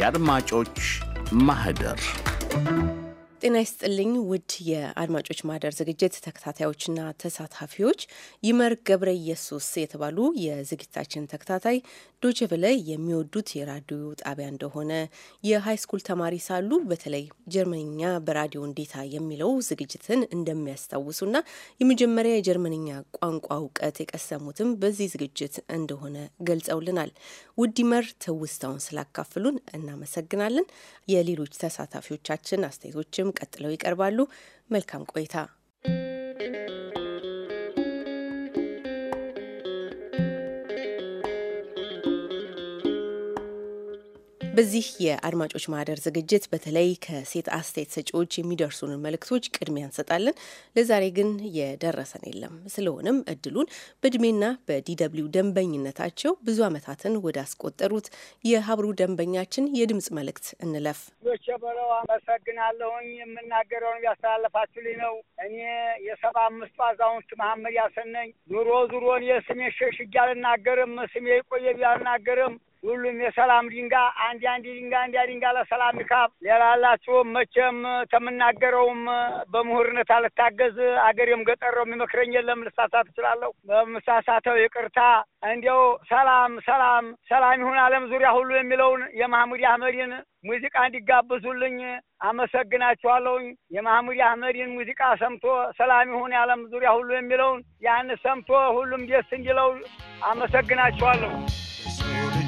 የአድማጮች ማህደር ጤና ይስጥልኝ ውድ የአድማጮች ማህደር ዝግጅት ተከታታዮችና ተሳታፊዎች ይመር ገብረ ኢየሱስ የተባሉ የዝግጅታችን ተከታታይ ዶችቨለ የሚወዱት የራዲዮ ጣቢያ እንደሆነ የሃይስኩል ተማሪ ሳሉ በተለይ ጀርመንኛ በራዲዮ እንዴታ የሚለው ዝግጅትን እንደሚያስታውሱና የመጀመሪያ የጀርመንኛ ቋንቋ እውቀት የቀሰሙትም በዚህ ዝግጅት እንደሆነ ገልጸውልናል። ውድ ይመር ትውስታውን ስላካፍሉን እናመሰግናለን። የሌሎች ተሳታፊዎቻችን አስተያየቶችም ቀጥለው ይቀርባሉ። መልካም ቆይታ በዚህ የአድማጮች ማህደር ዝግጅት በተለይ ከሴት አስተያየት ሰጪዎች የሚደርሱንን መልእክቶች ቅድሚያ እንሰጣለን። ለዛሬ ግን የደረሰን የለም። ስለሆነም እድሉን በእድሜና በዲደብሊው ደንበኝነታቸው ብዙ ዓመታትን ወደ አስቆጠሩት የሀብሩ ደንበኛችን የድምፅ መልእክት እንለፍ። በለው አመሰግናለሁኝ። የምናገረውን ያስተላለፋችሁልኝ ነው። እኔ የሰባ አምስቱ አዛውንት መሀመድ ያሰነኝ ኑሮ ዙሮን የስሜ ሸሽጌ አልናገርም ስሜ ቆየ ቢያልናገርም ሁሉም የሰላም ድንጋይ አንድ አንድ ድንጋይ አንድ ድንጋይ ለሰላም ይካብ ሌላላችሁም መቼም ተምናገረውም በምሁርነት አልታገዝ አገሬም ገጠረው የሚመክረኝ የለም። ልሳሳት እችላለሁ። በምሳሳተው ይቅርታ። እንዲው ሰላም ሰላም ሰላም ይሁን ዓለም ዙሪያ ሁሉ የሚለውን የማህሙድ አህመድን ሙዚቃ እንዲጋብዙልኝ አመሰግናችኋለሁኝ። የማህሙድ አህመድን ሙዚቃ ሰምቶ ሰላም ይሁን የዓለም ዙሪያ ሁሉ የሚለውን ያን ሰምቶ ሁሉም ደስ እንዲለው አመሰግናችኋለሁ።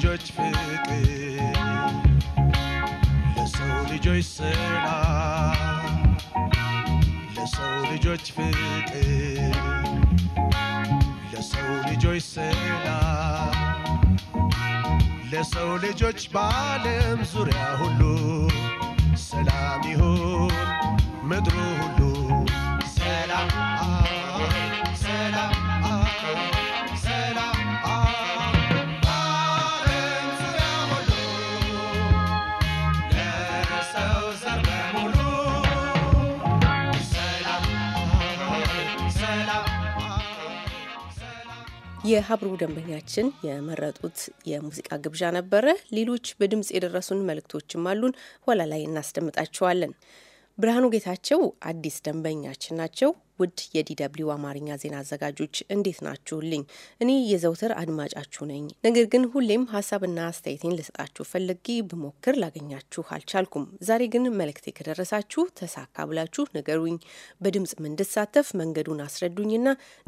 judge fêter le soir de Dieu c'est là le soir de Dieu fêter le soir de Dieu c'est là ለሰው ልጆች በዓለም ዙሪያ ሁሉ ሰላም ይሁን ምድሩ ሁሉ ሰላም ሰላም የሀብሩ ደንበኛችን የመረጡት የሙዚቃ ግብዣ ነበረ። ሌሎች በድምፅ የደረሱን መልእክቶችም አሉን። ኋላ ላይ እናስደምጣችኋለን። ብርሃኑ ጌታቸው አዲስ ደንበኛችን ናቸው። ውድ የዲደብሊው አማርኛ ዜና አዘጋጆች እንዴት ናችሁልኝ? እኔ የዘውትር አድማጫችሁ ነኝ። ነገር ግን ሁሌም ሀሳብና አስተያየቴን ልሰጣችሁ ፈልጌ ብሞክር ላገኛችሁ አልቻልኩም። ዛሬ ግን መልእክቴ ከደረሳችሁ ተሳካ ብላችሁ ንገሩኝ። በድምፅ እንድሳተፍ መንገዱን አስረዱኝና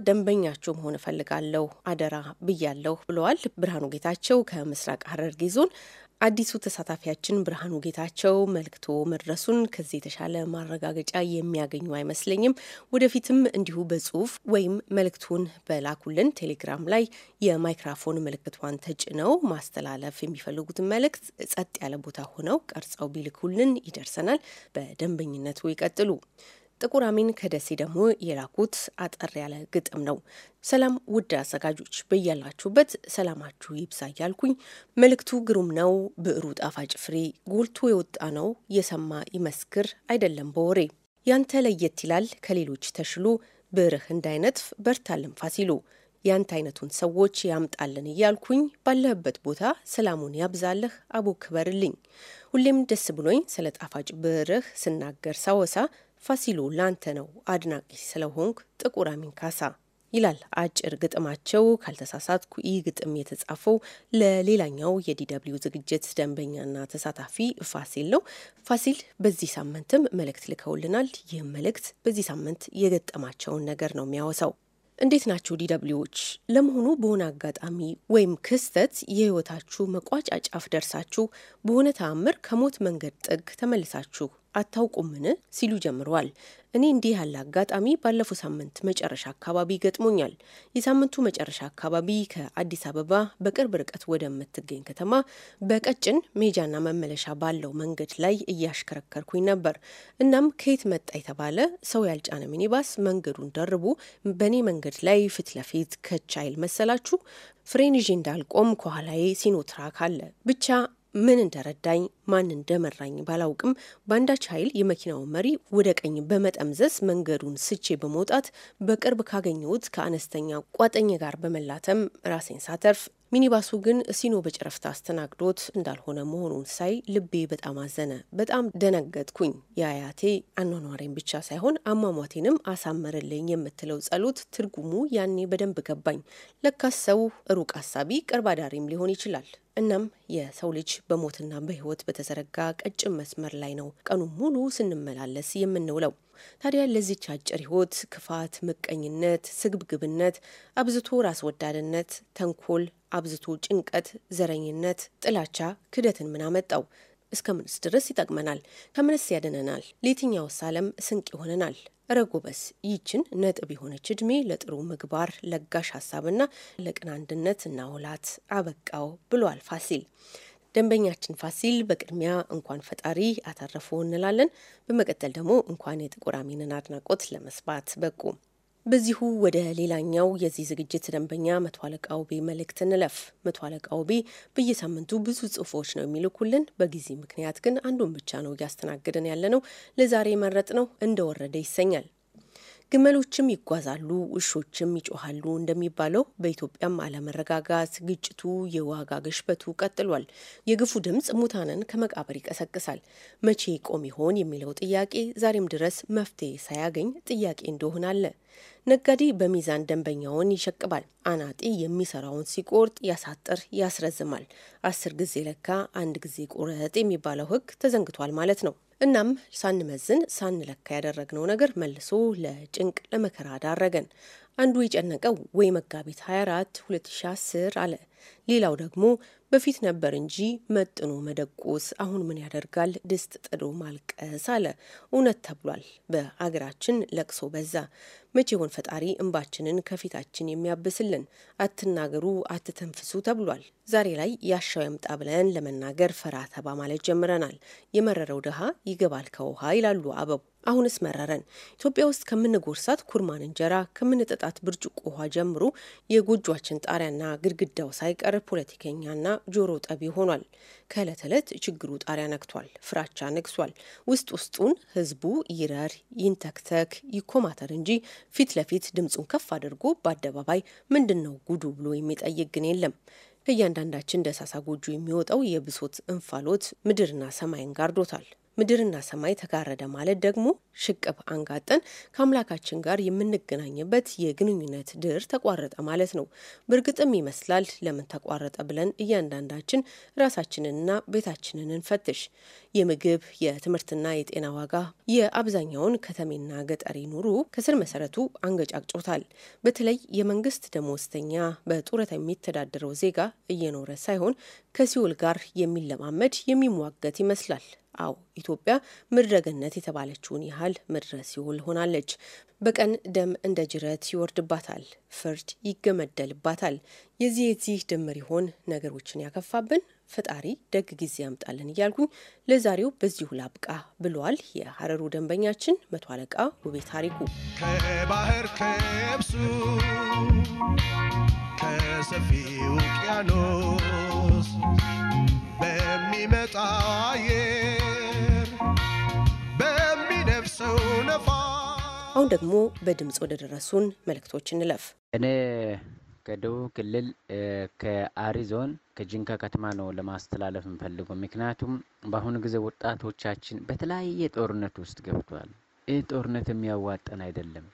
ደንበኛችሁ መሆን እፈልጋለሁ አደራ ብያለሁ ብለዋል ብርሃኑ ጌታቸው ከምስራቅ ሐረርጌ ዞን አዲሱ ተሳታፊያችን ብርሃኑ ጌታቸው መልክቶ መድረሱን ከዚህ የተሻለ ማረጋገጫ የሚያገኙ አይመስለኝም። ወደፊትም እንዲሁ በጽሁፍ ወይም መልክቱን በላኩልን ቴሌግራም ላይ የማይክራፎን ምልክቷን ተጭነው ማስተላለፍ የሚፈልጉትን መልእክት ጸጥ ያለ ቦታ ሆነው ቀርጸው ቢልኩልን ይደርሰናል። በደንበኝነቱ ይቀጥሉ። ጥቁር አሚን ከደሴ ደግሞ የላኩት አጠር ያለ ግጥም ነው። ሰላም ውድ አዘጋጆች፣ በያላችሁበት ሰላማችሁ ይብዛ እያልኩኝ መልእክቱ ግሩም ነው፣ ብዕሩ ጣፋጭ ፍሬ ጎልቶ የወጣ ነው። የሰማ ይመስክር አይደለም በወሬ ያንተ ለየት ይላል ከሌሎች ተሽሎ ብዕርህ እንዳይነጥፍ በርታ ልንፋስ ይሉ ያንተ አይነቱን ሰዎች ያምጣልን እያልኩኝ ባለህበት ቦታ ሰላሙን ያብዛልህ አቦ ክበርልኝ። ሁሌም ደስ ብሎኝ ስለ ጣፋጭ ብዕርህ ስናገር ሳወሳ ፋሲሉ ላንተ ነው አድናቂ ስለሆንክ ጥቁር አሚን ካሳ ይላል አጭር ግጥማቸው። ካልተሳሳትኩ ይህ ግጥም የተጻፈው ለሌላኛው የዲደብሊው ዝግጅት ደንበኛና ተሳታፊ ፋሲል ነው። ፋሲል በዚህ ሳምንትም መልእክት ልከውልናል። ይህም መልእክት በዚህ ሳምንት የገጠማቸውን ነገር ነው የሚያወሳው። እንዴት ናችሁ ዲደብሊዎች? ለመሆኑ በሆነ አጋጣሚ ወይም ክስተት የህይወታችሁ መቋጫ ጫፍ ደርሳችሁ በሆነ ተአምር ከሞት መንገድ ጥግ ተመልሳችሁ አታውቁምን ሲሉ ጀምረዋል። እኔ እንዲህ ያለ አጋጣሚ ባለፈው ሳምንት መጨረሻ አካባቢ ገጥሞኛል። የሳምንቱ መጨረሻ አካባቢ ከአዲስ አበባ በቅርብ ርቀት ወደምትገኝ ከተማ በቀጭን ሜጃና መመለሻ ባለው መንገድ ላይ እያሽከረከርኩኝ ነበር። እናም ከየት መጣ የተባለ ሰው ያልጫነ ሚኒባስ መንገዱን ደርቡ በእኔ መንገድ ላይ ፊት ለፊት ከቻይል መሰላችሁ ፍሬን ይዤ እንዳልቆም ከኋላዬ ሲኖትራክ አለ ብቻ ምን እንደረዳኝ ማን እንደመራኝ ባላውቅም በአንዳች ኃይል የመኪናው መሪ ወደ ቀኝ በመጠምዘዝ መንገዱን ስቼ በመውጣት በቅርብ ካገኘሁት ከአነስተኛ ቋጠኝ ጋር በመላተም ራሴን ሳተርፍ ሚኒባሱ ግን ሲኖ በጨረፍታ አስተናግዶት እንዳልሆነ መሆኑን ሳይ ልቤ በጣም አዘነ። በጣም ደነገጥኩኝ። የአያቴ አኗኗሬን ብቻ ሳይሆን አሟሟቴንም አሳመረልኝ የምትለው ጸሎት ትርጉሙ ያኔ በደንብ ገባኝ። ለካስ ሰው ሩቅ አሳቢ ቅርብ አዳሪም ሊሆን ይችላል። እናም የሰው ልጅ በሞትና በሕይወት በተዘረጋ ቀጭን መስመር ላይ ነው ቀኑን ሙሉ ስንመላለስ የምንውለው። ታዲያ ለዚች አጭር ህይወት ክፋት፣ ምቀኝነት፣ ስግብግብነት፣ አብዝቶ ራስ ወዳድነት፣ ተንኮል፣ አብዝቶ ጭንቀት፣ ዘረኝነት፣ ጥላቻ፣ ክደትን ምን አመጣው? እስከ ምንስ ድረስ ይጠቅመናል? ከምንስ ያድነናል? ለየትኛውስ ዓለም ስንቅ ይሆነናል? ረጎበስ ይችን ነጥብ የሆነች እድሜ ለጥሩ ምግባር ለጋሽ ሀሳብና ለቅን አንድነት እናውላት። አበቃው ብሏል ፋሲል። ደንበኛችን ፋሲል በቅድሚያ እንኳን ፈጣሪ አተረፉ እንላለን። በመቀጠል ደግሞ እንኳን የጥቁር አሚንን አድናቆት ለመስባት በቁ። በዚሁ ወደ ሌላኛው የዚህ ዝግጅት ደንበኛ መቶ አለቃ ውቤ መልእክት እንለፍ። መቶ አለቃ ውቤ በየሳምንቱ ብዙ ጽሁፎች ነው የሚልኩልን። በጊዜ ምክንያት ግን አንዱን ብቻ ነው እያስተናግድን ያለ ነው። ለዛሬ መረጥ ነው እንደወረደ ይሰኛል። ግመሎችም ይጓዛሉ፣ ውሾችም ይጮሃሉ እንደሚባለው በኢትዮጵያም አለመረጋጋት፣ ግጭቱ፣ የዋጋ ግሽበቱ ቀጥሏል። የግፉ ድምፅ ሙታንን ከመቃብር ይቀሰቅሳል። መቼ ይቆም ይሆን የሚለው ጥያቄ ዛሬም ድረስ መፍትሄ ሳያገኝ ጥያቄ እንደሆነ አለ። ነጋዴ በሚዛን ደንበኛውን ይሸቅባል። አናጢ የሚሰራውን ሲቆርጥ ያሳጥር፣ ያስረዝማል። አስር ጊዜ ለካ አንድ ጊዜ ቁረጥ የሚባለው ሕግ ተዘንግቷል ማለት ነው። እናም ሳንመዝን ሳንለካ ያደረግነው ነገር መልሶ ለጭንቅ ለመከራ ዳረገን። አንዱ የጨነቀው ወይ መጋቢት 24 2010 አለ ሌላው ደግሞ በፊት ነበር እንጂ መጥኖ መደቆስ አሁን ምን ያደርጋል ድስት ጥዶ ማልቀስ አለ። እውነት ተብሏል። በአገራችን ለቅሶ በዛ። መቼ ይሆን ፈጣሪ እንባችንን ከፊታችን የሚያብስልን? አትናገሩ አትተንፍሱ ተብሏል። ዛሬ ላይ ያሻው ያምጣ ብለን ለመናገር ፈራ ተባ ማለት ጀምረናል። የመረረው ድሃ ይገባል ከውሃ ይላሉ አበቡ። አሁንስ መረረን። ኢትዮጵያ ውስጥ ከምንጎርሳት ኩርማን እንጀራ ከምንጠጣት ብርጭቆ ውሃ ጀምሮ የጎጇችን ጣሪያና ግድግዳው ሳይ ሳይቀር ፖለቲከኛና ጆሮ ጠቢ ሆኗል። ከዕለት ዕለት ችግሩ ጣሪያ ነክቷል። ፍራቻ ነግሷል። ውስጥ ውስጡን ህዝቡ ይረር፣ ይንተክተክ፣ ይኮማተር እንጂ ፊት ለፊት ድምፁን ከፍ አድርጎ በአደባባይ ምንድን ነው ጉዱ ብሎ የሚጠይቅ ግን የለም። ከእያንዳንዳችን ደሳሳ ጎጆ የሚወጣው የብሶት እንፋሎት ምድርና ሰማይን ጋርዶታል። ምድርና ሰማይ ተጋረደ ማለት ደግሞ ሽቅብ አንጋጠን ከአምላካችን ጋር የምንገናኝበት የግንኙነት ድር ተቋረጠ ማለት ነው። በእርግጥም ይመስላል ለምን ተቋረጠ ብለን እያንዳንዳችን ራሳችንንና ቤታችንን እንፈትሽ። የምግብ የትምህርትና የጤና ዋጋ የአብዛኛውን ከተሜና ገጠሪ ኑሩ ከስር መሰረቱ አንገጫቅጮታል። በተለይ የመንግስት ደሞዝተኛ በጡረታ የሚተዳደረው ዜጋ እየኖረ ሳይሆን ከሲኦል ጋር የሚለማመድ የሚሟገት ይመስላል። አዎ ኢትዮጵያ ምድረገነት የተባለችውን ያህል ምድረ ሲኦል ሆናለች። በቀን ደም እንደ ጅረት ይወርድባታል፣ ፍርድ ይገመደልባታል። የዚህ የዚህ ድምር ይሆን ነገሮችን ያከፋብን? ፈጣሪ ደግ ጊዜ ያምጣልን እያልኩኝ ለዛሬው በዚሁ ላብቃ ብሏል የሀረሩ ደንበኛችን መቶ አለቃ ውቤ ታሪኩ። ከባህር ከብሱ ከሰፊ ውቅያኖስ በሚመጣ አሁን ደግሞ በድምፅ ወደ ደረሱን መልእክቶች እንለፍ። እኔ ከደቡብ ክልል ከአሪዞን ከጅንካ ከተማ ነው ለማስተላለፍ የምፈልገው። ምክንያቱም በአሁኑ ጊዜ ወጣቶቻችን በተለያየ ጦርነት ውስጥ ገብቷል። ይህ ጦርነት የሚያዋጠን አይደለም።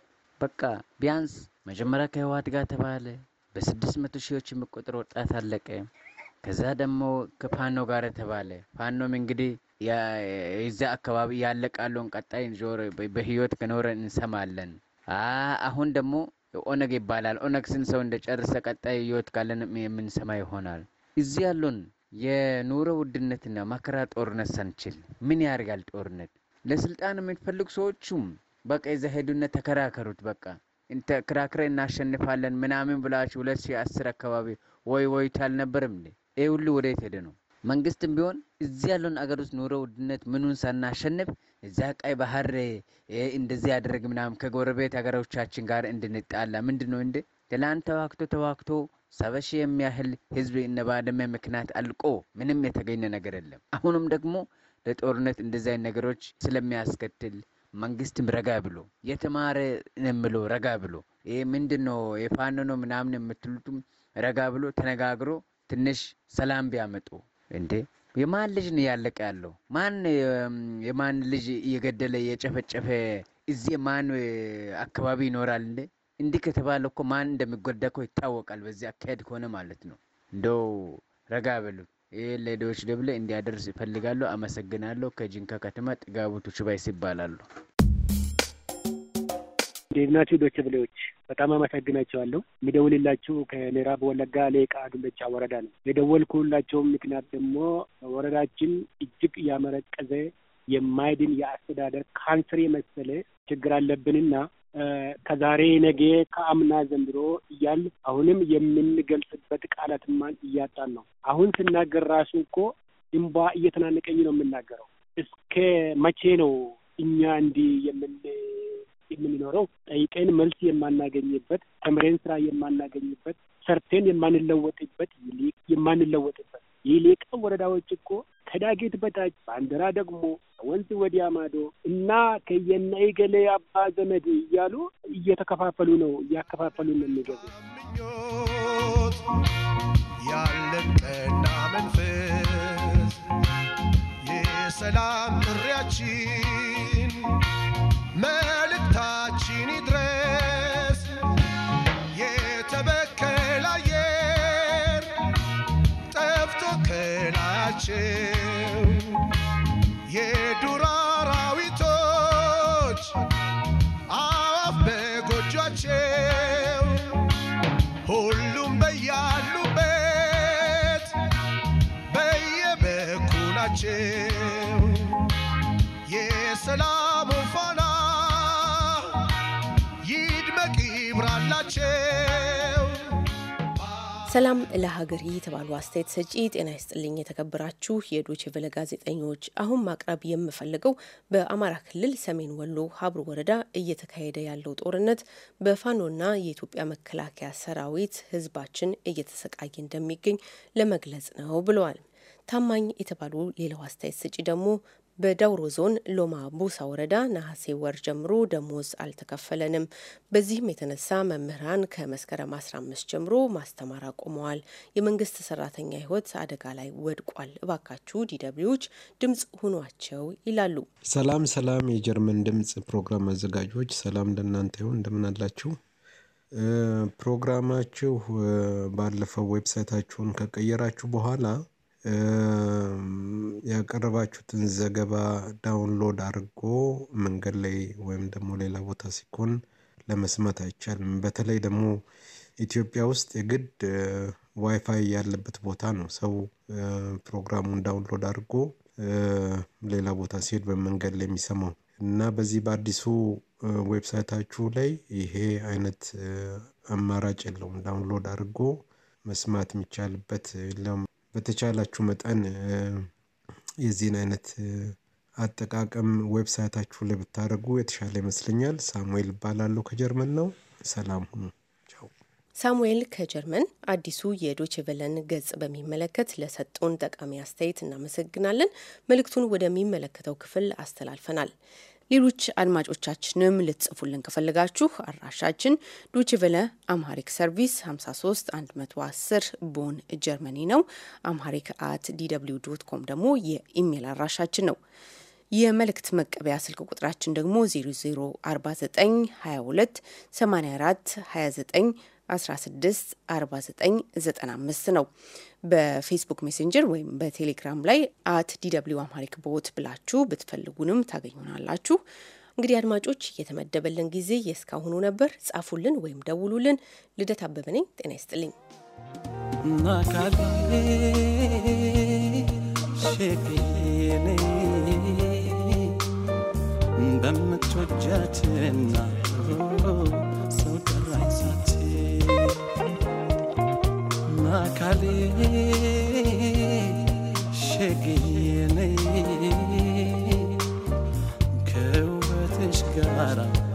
በቃ ቢያንስ መጀመሪያ ከህወሓት ጋር ተባለ። በስድስት መቶ ሺዎች የሚቆጠር ወጣት አለቀ። ከዛ ደግሞ ከፋኖ ጋር ተባለ። ፋኖም እንግዲህ የዛ አካባቢ ያለቃለውን ቀጣይ ዞር በህይወት ከኖረ እንሰማለን። አሁን ደግሞ ኦነግ ይባላል። ኦነግ ስንት ሰው እንደጨርሰ ቀጣይ ህይወት ካለን የምንሰማ ይሆናል። እዚህ ያሉን የኑሮ ውድነትና መከራ ጦርነት ሳንችል ምን ያርጋል ጦርነት ለስልጣን የምትፈልጉ ሰዎቹም በቃ የዛ ሄዱነት ተከራከሩት። በቃ ተከራክረ እናሸንፋለን ምናምን ብላችሁ ሁለት አስር አካባቢ ወይ ወይ አልነበርም እንዴ? ይህ ሁሉ ወዴት ሄደ ነው? መንግስትም ቢሆን እዚህ ያለውን አገር ውስጥ ኑሮ ውድነት ምኑን ሳናሸንፍ እዚያ ቀይ ባህር እንደዚህ ያደረግ ምናምን ከጎረቤት ሀገሮቻችን ጋር እንድንጣላ ምንድን ነው እንዴ? ትላንት ተዋክቶ ተዋክቶ ሰባ ሺህ የሚያህል ህዝብ እነ ምክንያት አልቆ ምንም የተገኘ ነገር የለም። አሁንም ደግሞ ለጦርነት እንደዚህ አይነት ነገሮች ስለሚያስከትል መንግስትም ረጋ ብሎ የተማረ ንምሎ ረጋ ብሎ ይህ ምንድን ነው የፋኖ ነው ምናምን የምትሉትም ረጋ ብሎ ተነጋግሮ ትንሽ ሰላም ቢያመጡ እንዴ የማን ልጅ ነው ያለቀ ያለው? ማን የማን ልጅ እየገደለ እየጨፈጨፈ እዚህ ማን አካባቢ ይኖራል? እንዴ እንዲህ ከተባለ እኮ ማን እንደሚጎዳ እኮ ይታወቃል። በዚህ አካሄድ ከሆነ ማለት ነው። እንደው ረጋ በሉ። ይህ ለዶች ደብለ እንዲያደርስ ይፈልጋሉ። አመሰግናለሁ። ከጂንካ ከተማ ጥጋቡ ቱችባይስ ይባላሉ። እንዴት ናችሁ ዶች ብሌዎች? በጣም አመሰግናቸዋለሁ። የሚደውልላችሁ ከምዕራብ ወለጋ ሌቃ ዱለቻ ወረዳ ነው። የደወልኩላቸውም ምክንያት ደግሞ ወረዳችን እጅግ ያመረቀዘ የማይድን የአስተዳደር ካንሰር የመሰለ ችግር አለብንና ከዛሬ ነገ ከአምና ዘንድሮ እያል አሁንም የምንገልጽበት ቃላትማን እያጣን ነው። አሁን ስናገር ራሱ እኮ እንባ እየተናነቀኝ ነው የምናገረው። እስከ መቼ ነው እኛ እንዲህ የምን የምንኖረው ጠይቀን መልስ የማናገኝበት፣ ተምረን ስራ የማናገኝበት፣ ሰርተን የማንለወጥበት ይልቅ የማንለወጥበት ይልቅ ወረዳዎች እኮ ከዳጌት በታች ባንዲራ ደግሞ ወንዝ ወዲያ ማዶ እና ከየናይ ገሌ አባ ዘመድ እያሉ እየተከፋፈሉ ነው እያከፋፈሉ ነው የሚገቡ ያለን መንፈስ የሰላም ጥሪያችን ናቸው የዱር አራዊቶች አዋፍ በጎጇቸው ሁሉም በያሉበት በየበኩላቸው የሰላሙ ሰላም ለሀገር የተባሉ አስተያየት ሰጪ ጤና ይስጥልኝ። የተከበራችሁ የዶቼ ቬለ ጋዜጠኞች፣ አሁን ማቅረብ የምፈልገው በአማራ ክልል ሰሜን ወሎ ሀብሩ ወረዳ እየተካሄደ ያለው ጦርነት በፋኖና የኢትዮጵያ መከላከያ ሰራዊት ህዝባችን እየተሰቃየ እንደሚገኝ ለመግለጽ ነው ብለዋል። ታማኝ የተባሉ ሌላው አስተያየት ሰጪ ደግሞ በዳውሮ ዞን ሎማ ቡሳ ወረዳ ነሐሴ ወር ጀምሮ ደሞዝ አልተከፈለንም። በዚህም የተነሳ መምህራን ከመስከረም 15 ጀምሮ ማስተማር አቁመዋል። የመንግስት ሰራተኛ ህይወት አደጋ ላይ ወድቋል። እባካችሁ ዲደብሊዎች ድምጽ ሁኗቸው ይላሉ። ሰላም ሰላም፣ የጀርመን ድምጽ ፕሮግራም አዘጋጆች ሰላም ለእናንተ ይሁን። እንደምን አላችሁ? ፕሮግራማችሁ ባለፈው ዌብሳይታችሁን ከቀየራችሁ በኋላ ያቀረባችሁትን ዘገባ ዳውንሎድ አድርጎ መንገድ ላይ ወይም ደግሞ ሌላ ቦታ ሲኮን ለመስማት አይቻልም። በተለይ ደግሞ ኢትዮጵያ ውስጥ የግድ ዋይፋይ ያለበት ቦታ ነው ሰው ፕሮግራሙን ዳውንሎድ አድርጎ ሌላ ቦታ ሲሄድ በመንገድ ላይ የሚሰማው እና በዚህ በአዲሱ ዌብሳይታችሁ ላይ ይሄ አይነት አማራጭ የለውም ዳውንሎድ አድርጎ መስማት የሚቻልበት የለም በተቻላችሁ መጠን የዚህን አይነት አጠቃቀም ዌብሳይታችሁ ላይ ብታደርጉ የተሻለ ይመስለኛል። ሳሙኤል እባላለሁ ከጀርመን ነው። ሰላም ሁኑ። ሳሙኤል ከጀርመን አዲሱ ቨለን ገጽ በሚመለከት ለሰጡን ጠቃሚ አስተያየት እናመሰግናለን። መልእክቱን ወደሚመለከተው ክፍል አስተላልፈናል። ሌሎች አድማጮቻችንም ልትጽፉልን ከፈለጋችሁ አድራሻችን ዶችቨለ አምሃሪክ ሰርቪስ 53 110 ቦን ጀርመኒ ነው። አምሃሪክ አት ዲw ዶት ኮም ደግሞ የኢሜል አድራሻችን ነው። የመልእክት መቀበያ ስልክ ቁጥራችን ደግሞ 0049 22 84 29 16 ነው። በፌስቡክ ሜሴንጀር ወይም በቴሌግራም ላይ አት ዲደብሊው አማሪክ ቦት ብላችሁ ብትፈልጉንም ታገኙናላችሁ። እንግዲህ አድማጮች እየተመደበልን ጊዜ የእስካሁኑ ነበር። ጻፉልን ወይም ደውሉልን። ልደት አበበ ነኝ። ጤና ይስጥልኝ። በምትወጃትና ሰው ጠራኝ ሳት አካሌ ከውበትሽ ጋራ